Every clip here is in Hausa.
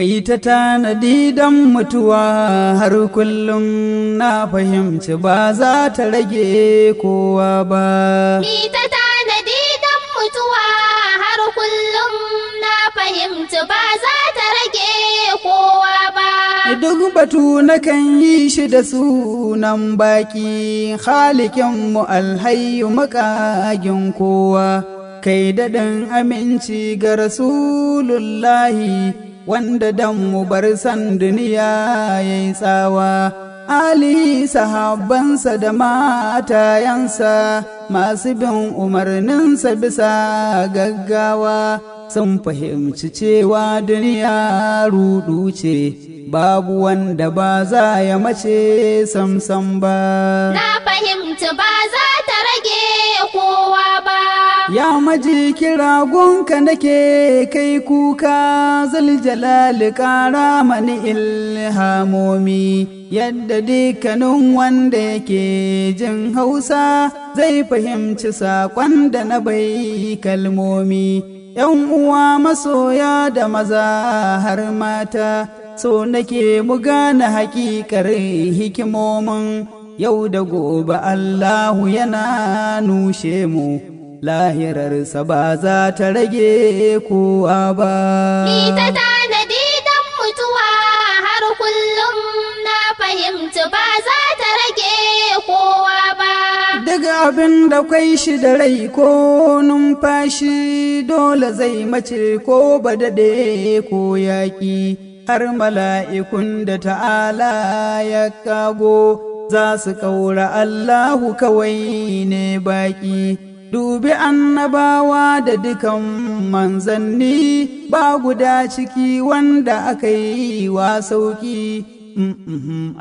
Kai ta tanadi don mutuwa har kullum na fahimci ba za ta rage kowa ba. Ni ta tanadi don mutuwa har kullum na fahimci ba za ta rage kowa ba. Duk batu na kan yi shi da sunan baki halikinmu alhayu makagin kowa. Kai daɗin aminci ga Rasulullahi. wanda dan mu bar san duniya yayi tsawa Ali sahabbansa da matayansa masu bin umarninsa bisa gaggawa sun fahimci cewa duniya rudu ce babu wanda ba za ya mace samsam ba. Na fahimci ba za ta rage kowa ba. ya maji kira gunka nake kai kuka zaljalali ƙara mani ilhamomi yadda dukkanin wanda yake jin hausa zai fahimci saƙon da na bai kalmomi ‘yan uwa masoya da maza har mata so nake mu gane hakikar hikimomin yau da gobe Allahu yana nushe mu. lahirarsa ba za ta rage kowa ba. Ni ta tanadi don mutuwa har kullum na fahimci ba za ta rage kowa ba. Duk abin da kwai shi da rai ko numfashi dole zai mace ko ba daɗe ko yaƙi har mala'ikun da ta'ala ya kago za su ƙaura Allahu kawai ne baƙi. dubi annabawa da dukan manzanni ba guda ciki wanda aka yi wa sauki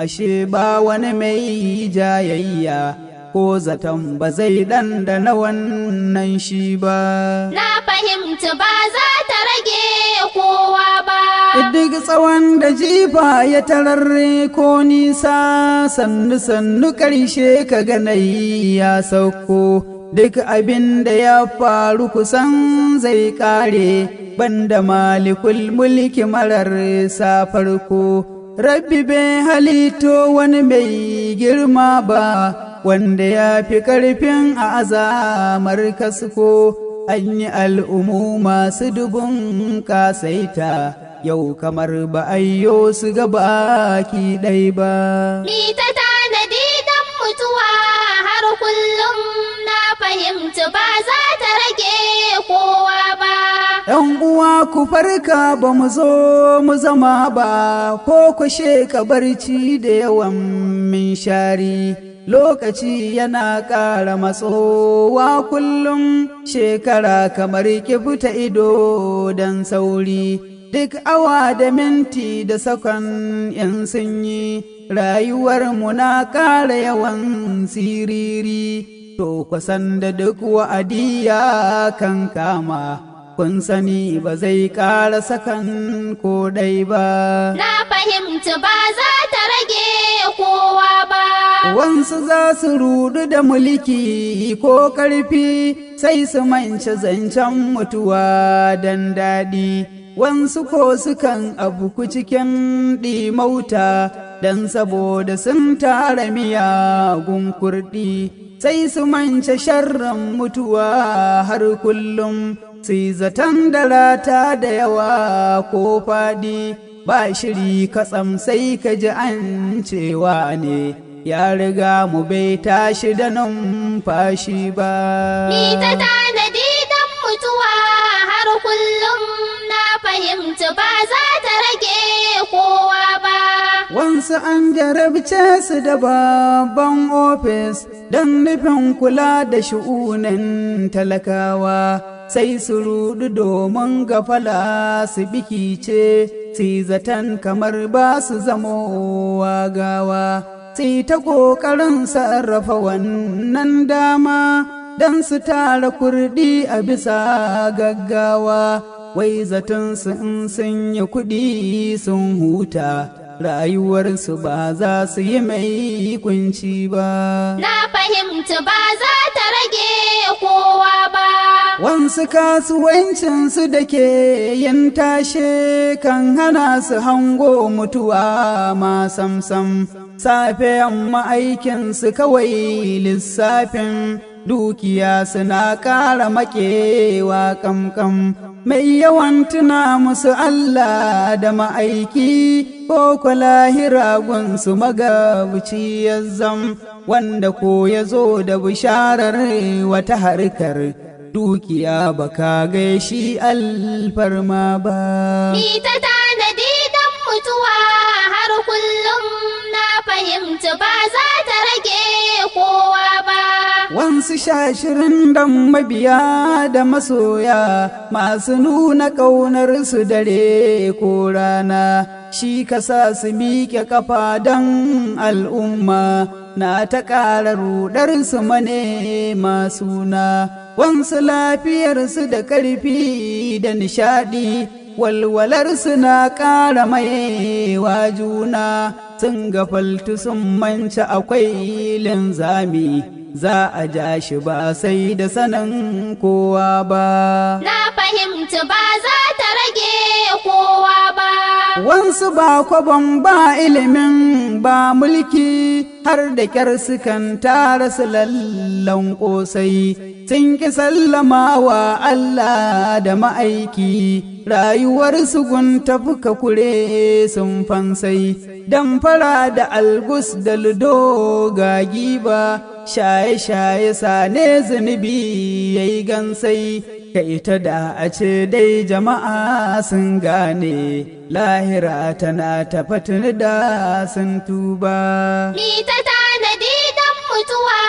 ashe ba wani mai jayayya ko zaton ba zai na wannan shi ba na fahimci ba za ta rage kowa ba duk tsawon da jifa ya tararre ko nisa sannu sannu karshe ka ganayi ya sauko duk abin da ya faru kusan zai kare banda malikul mulki marar sa farko rabbi bai halito wani mai girma ba wanda ya fi ƙarfin a azamar kasko an yi al'umu masu dubun kasaita yau kamar ba ayyo su ga baki ɗai ba. ‘yan uwa ku farka ba mu zo mu zama ba, ko ku sheka barci da yawan shari Lokaci yana ƙara matsowa kullum shekara kamar kifuta ido don sauri. Duk awa da minti da sakon ‘yan sunyi, rayuwar mu na ƙara yawan siriri, to kwasan da duk wa'adi ya kan kama. kun sani ba zai ƙara sakan ko ɗai ba. Na fahimci ba za ta rage kowa ba. Wansu za su rudu da mulki ko ƙarfi sai su mance zancen mutuwa don daɗi. Wansu ko sukan abuku cikin ɗimauta don saboda sun tara miyagun kurɗi sai su mance sharran mutuwa har kullum. sai zaton da rata da yawa ko faɗi ba shiri katsam sai ka ji an cewa ne ya riga mu bai tashi da numfashi ba. ta tanadi dan mutuwa har kullum na fahimci ba za ta rage kowa ba. Wansu an jarabce su da babban ofis don nufin kula da shu'unan talakawa. sai su rudu domin gafala su biki ce, su zaton kamar ba su wa gawa sai ta ƙoƙarin sarrafa wannan dama don su tara kurɗi a bisa gaggawa wai zaton sun sun yi kuɗi sun huta rayuwarsu ba za su yi mai kunci ba. Na fahimta ba za ta rage kowa ba. Wansu kasuwancinsu da ke yin tashe kan hana su hango mutuwa ma samsam. Safe yamma aikinsu kawai lissafin dukiya suna ƙara makewa kamkam. mai yawan tuna musu Allah da ma'aiki ko lahira gunsu magabuci ya zam wanda ko ya zo da bisharar wata harkar dukiya baka gaishi alfarma ba. Ni ta tanadi don mutuwa har kullum na fahimci ba za ta rage kowa ba. wansu shashirin don mabiya da masoya masu nuna ƙaunar su dare ko rana shi ka sa su miƙe kafa don al'umma na ta ƙara rudar su mane masu na wansu lafiyarsu da ƙarfi da nishaɗi walwalarsu na ƙara mayewa juna sun gafaltu sun manci akwai linzami za a ja shi ba sai da sanin kowa ba. Na fahimci ba za ta rage kowa ba. Wansu ba kwabon ba ilimin ba mulki har da kyar sukan tara su lallan ƙosai. Sun ki sallama wa Allah da ma'aiki, rayuwarsu gun tafuka kure sun fansai, damfara da algus da ludo ga giba. shaye-shaye sane zunubi ya yi gansai ka ita da a ce dai jama'a sun gane lahira tana tafatin da sun tuba. Ni ta tanadi don mutuwa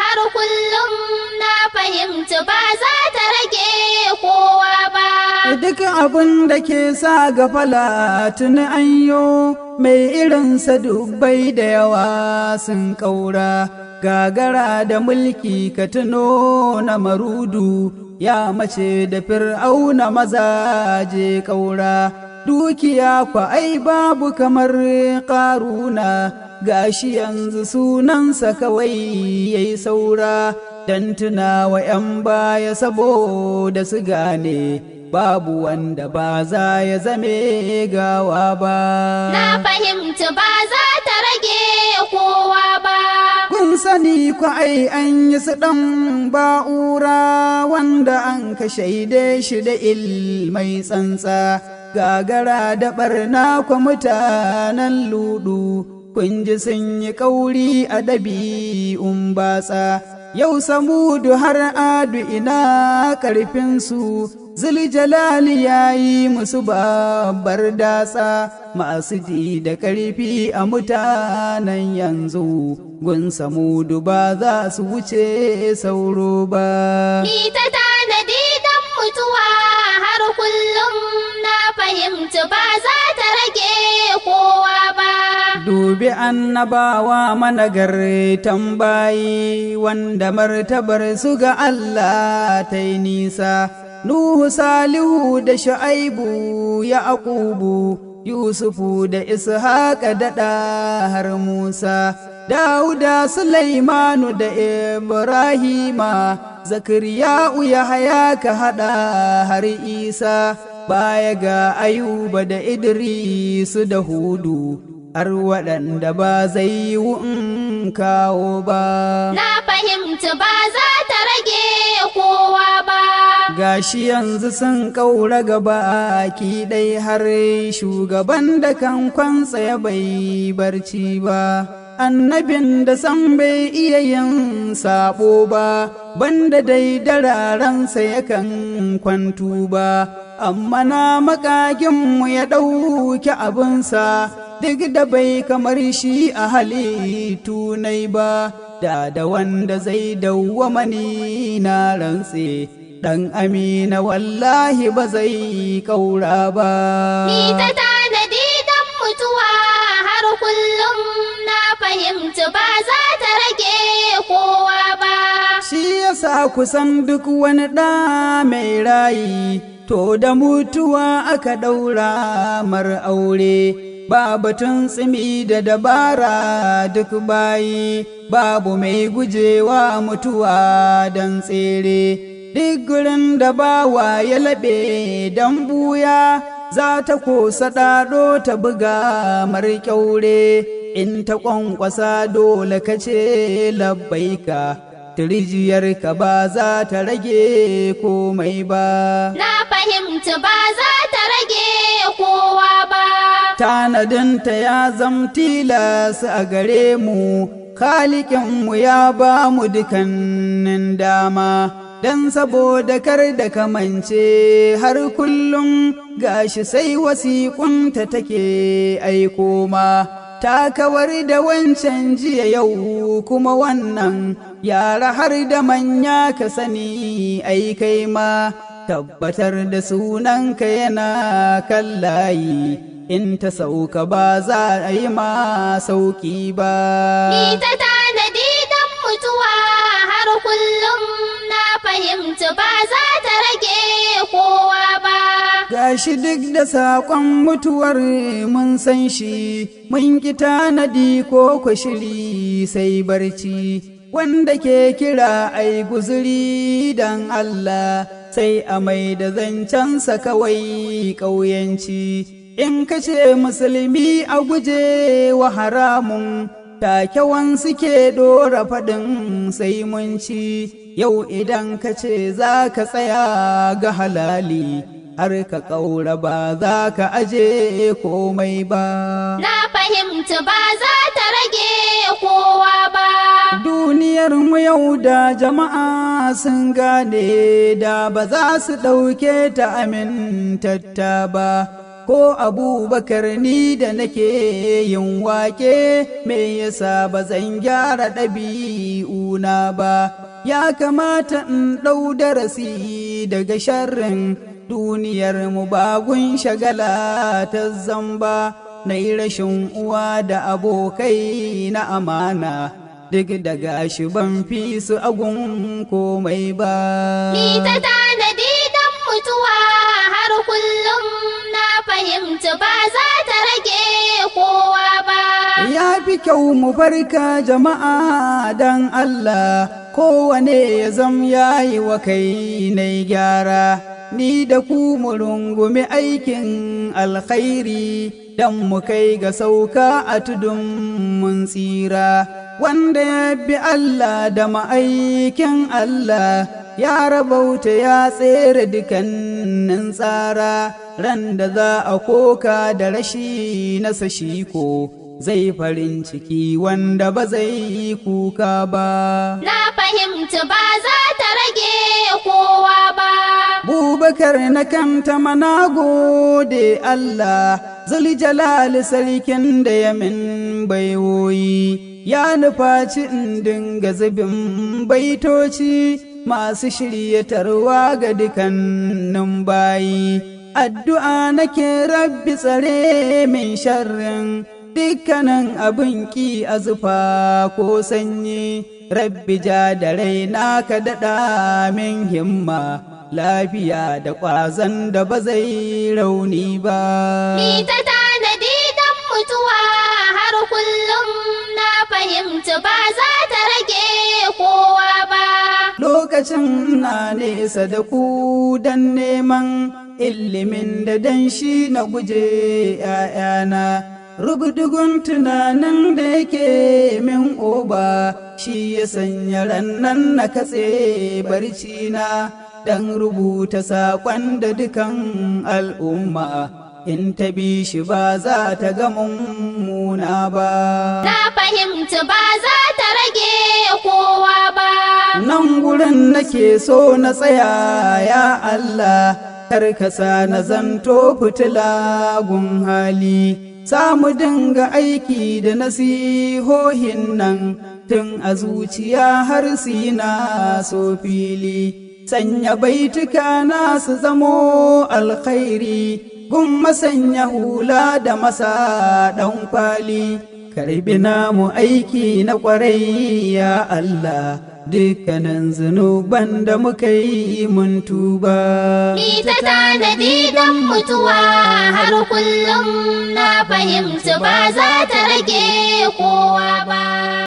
har kullum na fahimci ba za ta rage kowa ba. Duk abin da ke sa ga tuni an mai irin sa dubbai da yawa sun ƙaura. Gagara da mulki ka tuno na marudu ya mace da fir'auna je ƙaura. Dukiya kwa ai babu kamar ƙaruna gashi yanzu sunansa kawai yayi saura. don tunawa 'yan baya saboda su gane babu wanda ba za ya zame gawa ba. Na fahimci ba za ta rage kowa ba. Kun sani ku ai an yi su ɗan ba'ura wanda an ka shaide shi da ilmai tsantsa gagara da ɓarna kwa mutanen ludu. Kun ji sun yi kauri a ɗabi'un batsa. yau samudu har adu ina ƙarfinsu jalali ya yi musu babbar dasa, masu ji da ƙarfi a mutanen yanzu gun samudu ba za su wuce sauro ba. Ni ta tanadi dan mutuwa har kullum fahimci ba za ta rage kowa ba. Dubi annabawa gare tambayi wanda martabar su ga Allah ta yi nisa. Nuhu Salihu da Sha'aibu ya akubu, Yusufu da Ishaqa daɗa har Musa, Dawuda Sulaimanu da Ibrahima, Zakariya'u ya haya ka haɗa har Isa. baya ga ayuba da idrisu da hudu har waɗanda ba zai yi kawo ba na fahimci ba za ta rage kowa ba gashi yanzu sun ƙaura gaba ki ɗai har shugaban da kan kwansa ya bai barci ba annabin da san bai iya yin sabo ba banda dai dararansa yakan kwantu ba amma na makaginmu ya ɗauki abinsa duk da bai kamar shi a halittu nai ba da da wanda zai dawwama ni na rantse ɗan amina wallahi ba zai ƙaura ba. Ni ta ba za ta rage kowa ba. Shi yasa kusan duk wani ɗa mai rayi, to da mutuwa aka ɗaura mar aure. Ba batun tsimi da dabara duk bayi, babu mai gujewa mutuwa don tsere. Duk gurin da bawa ya laɓe don buya, za ta kosa ɗaɗo ta buga mar kyaure. in ta ƙwanƙwasa dole ka ce labbaika tirijiyarka ba za ta rage komai ba. Na fahimci ba za ta rage kowa ba. Tanadinta ya tilas a gare mu, mu ya ba mu dukannin dama. dan saboda kar da kamance har kullum gashi sai wasiƙunta take aiko ma. ta kawar da wancan jiya yau kuma wannan yara har da manya ka sani ai kai ma tabbatar da sunanka yana kan layi in ta sauka ba za a yi ma sauki ba. Ita ta tanadi don mutuwa har kullum na fahimci ba za ta rage kowa ba. gashi duk da saƙon mutuwar mun san shi mun ki tanadi ko kushiri sai barci wanda ke kira ai guzuri dan Allah sai a mai da zancensa kawai ƙauyanci in kace musulmi a guje wa haramun wansu suke ɗora faɗin sai mun ci yau idan kace za ka tsaya ga halali har ka ƙaura ba za ka aje komai ba. Na fahimci ba za ta rage kowa ba. Duniyar mu yau da jama'a sun gane da ba za su ɗauke ta amintatta ba. ko abubakar ni da nake yin wake me yasa ba zan gyara ɗabi'una ba ya kamata in ɗau darasi daga sharrin duniyar mu gun shagala ta zamba na yi rashin uwa da abokai na amana duk da gashi ban fi su agun komai ba. Ni ta tanadi don mutuwa har kullum na fahimci ba za ta rage kowa ba. Ya fi kyau mu barka jama'a don Allah kowane ya zam yayi wa kai na gyara. ni da ku mu rungumi aikin alkhairi don mu kai ga sauka a tudun mun tsira wanda ya bi Allah da ma'aikin Allah ya rabauta ya tsere dukannin tsara ran da za a koka da rashi nasa shiko. zai farin ciki wanda ba zai yi kuka ba. Na fahimci ba za ta rage kowa ba. abubakar na kamta mana gode Allah zuli jalali sarkin da ya min baiwoyi ya nufaci in dinga zubin baitoci masu shiryatarwa ga dukannin bayi addu'a nake rabbi tsare min sharrin dukkanin abin ki a zufa ko sanyi rabbi ja da raina ka daɗa min himma lafiya da ƙwazon da ba zai rauni ba. Ni ta tanadi don mutuwa har kullum na fahimci ba za ta rage kowa ba. Lokacin na nesa da ku don neman ilimin da dan shi na guje ‘ya'yana. rugudugun tunanin da yake min oba shi ya sanya rannan na katse barci na. dan rubuta saƙon da dukan al'umma in ta bi shi ba za ta ga mummuna ba. Na fahimci ba za ta rage kowa ba. Nan gurin nake so na tsaya ya Allah, karkasa na zanto fitila gun hali. Samu dinga aiki da nasihohin nan tun a zuciya har sina so fili. sanya baituka na su zamo alkhairi gumma sanya hula da masa ɗan kwali karbi namu aiki na kwarai ya Allah dukkanin zunuban da muka yi mun tuba. Ni ta tanadi don mutuwa har kullum na fahimci ba za ta rage kowa ba.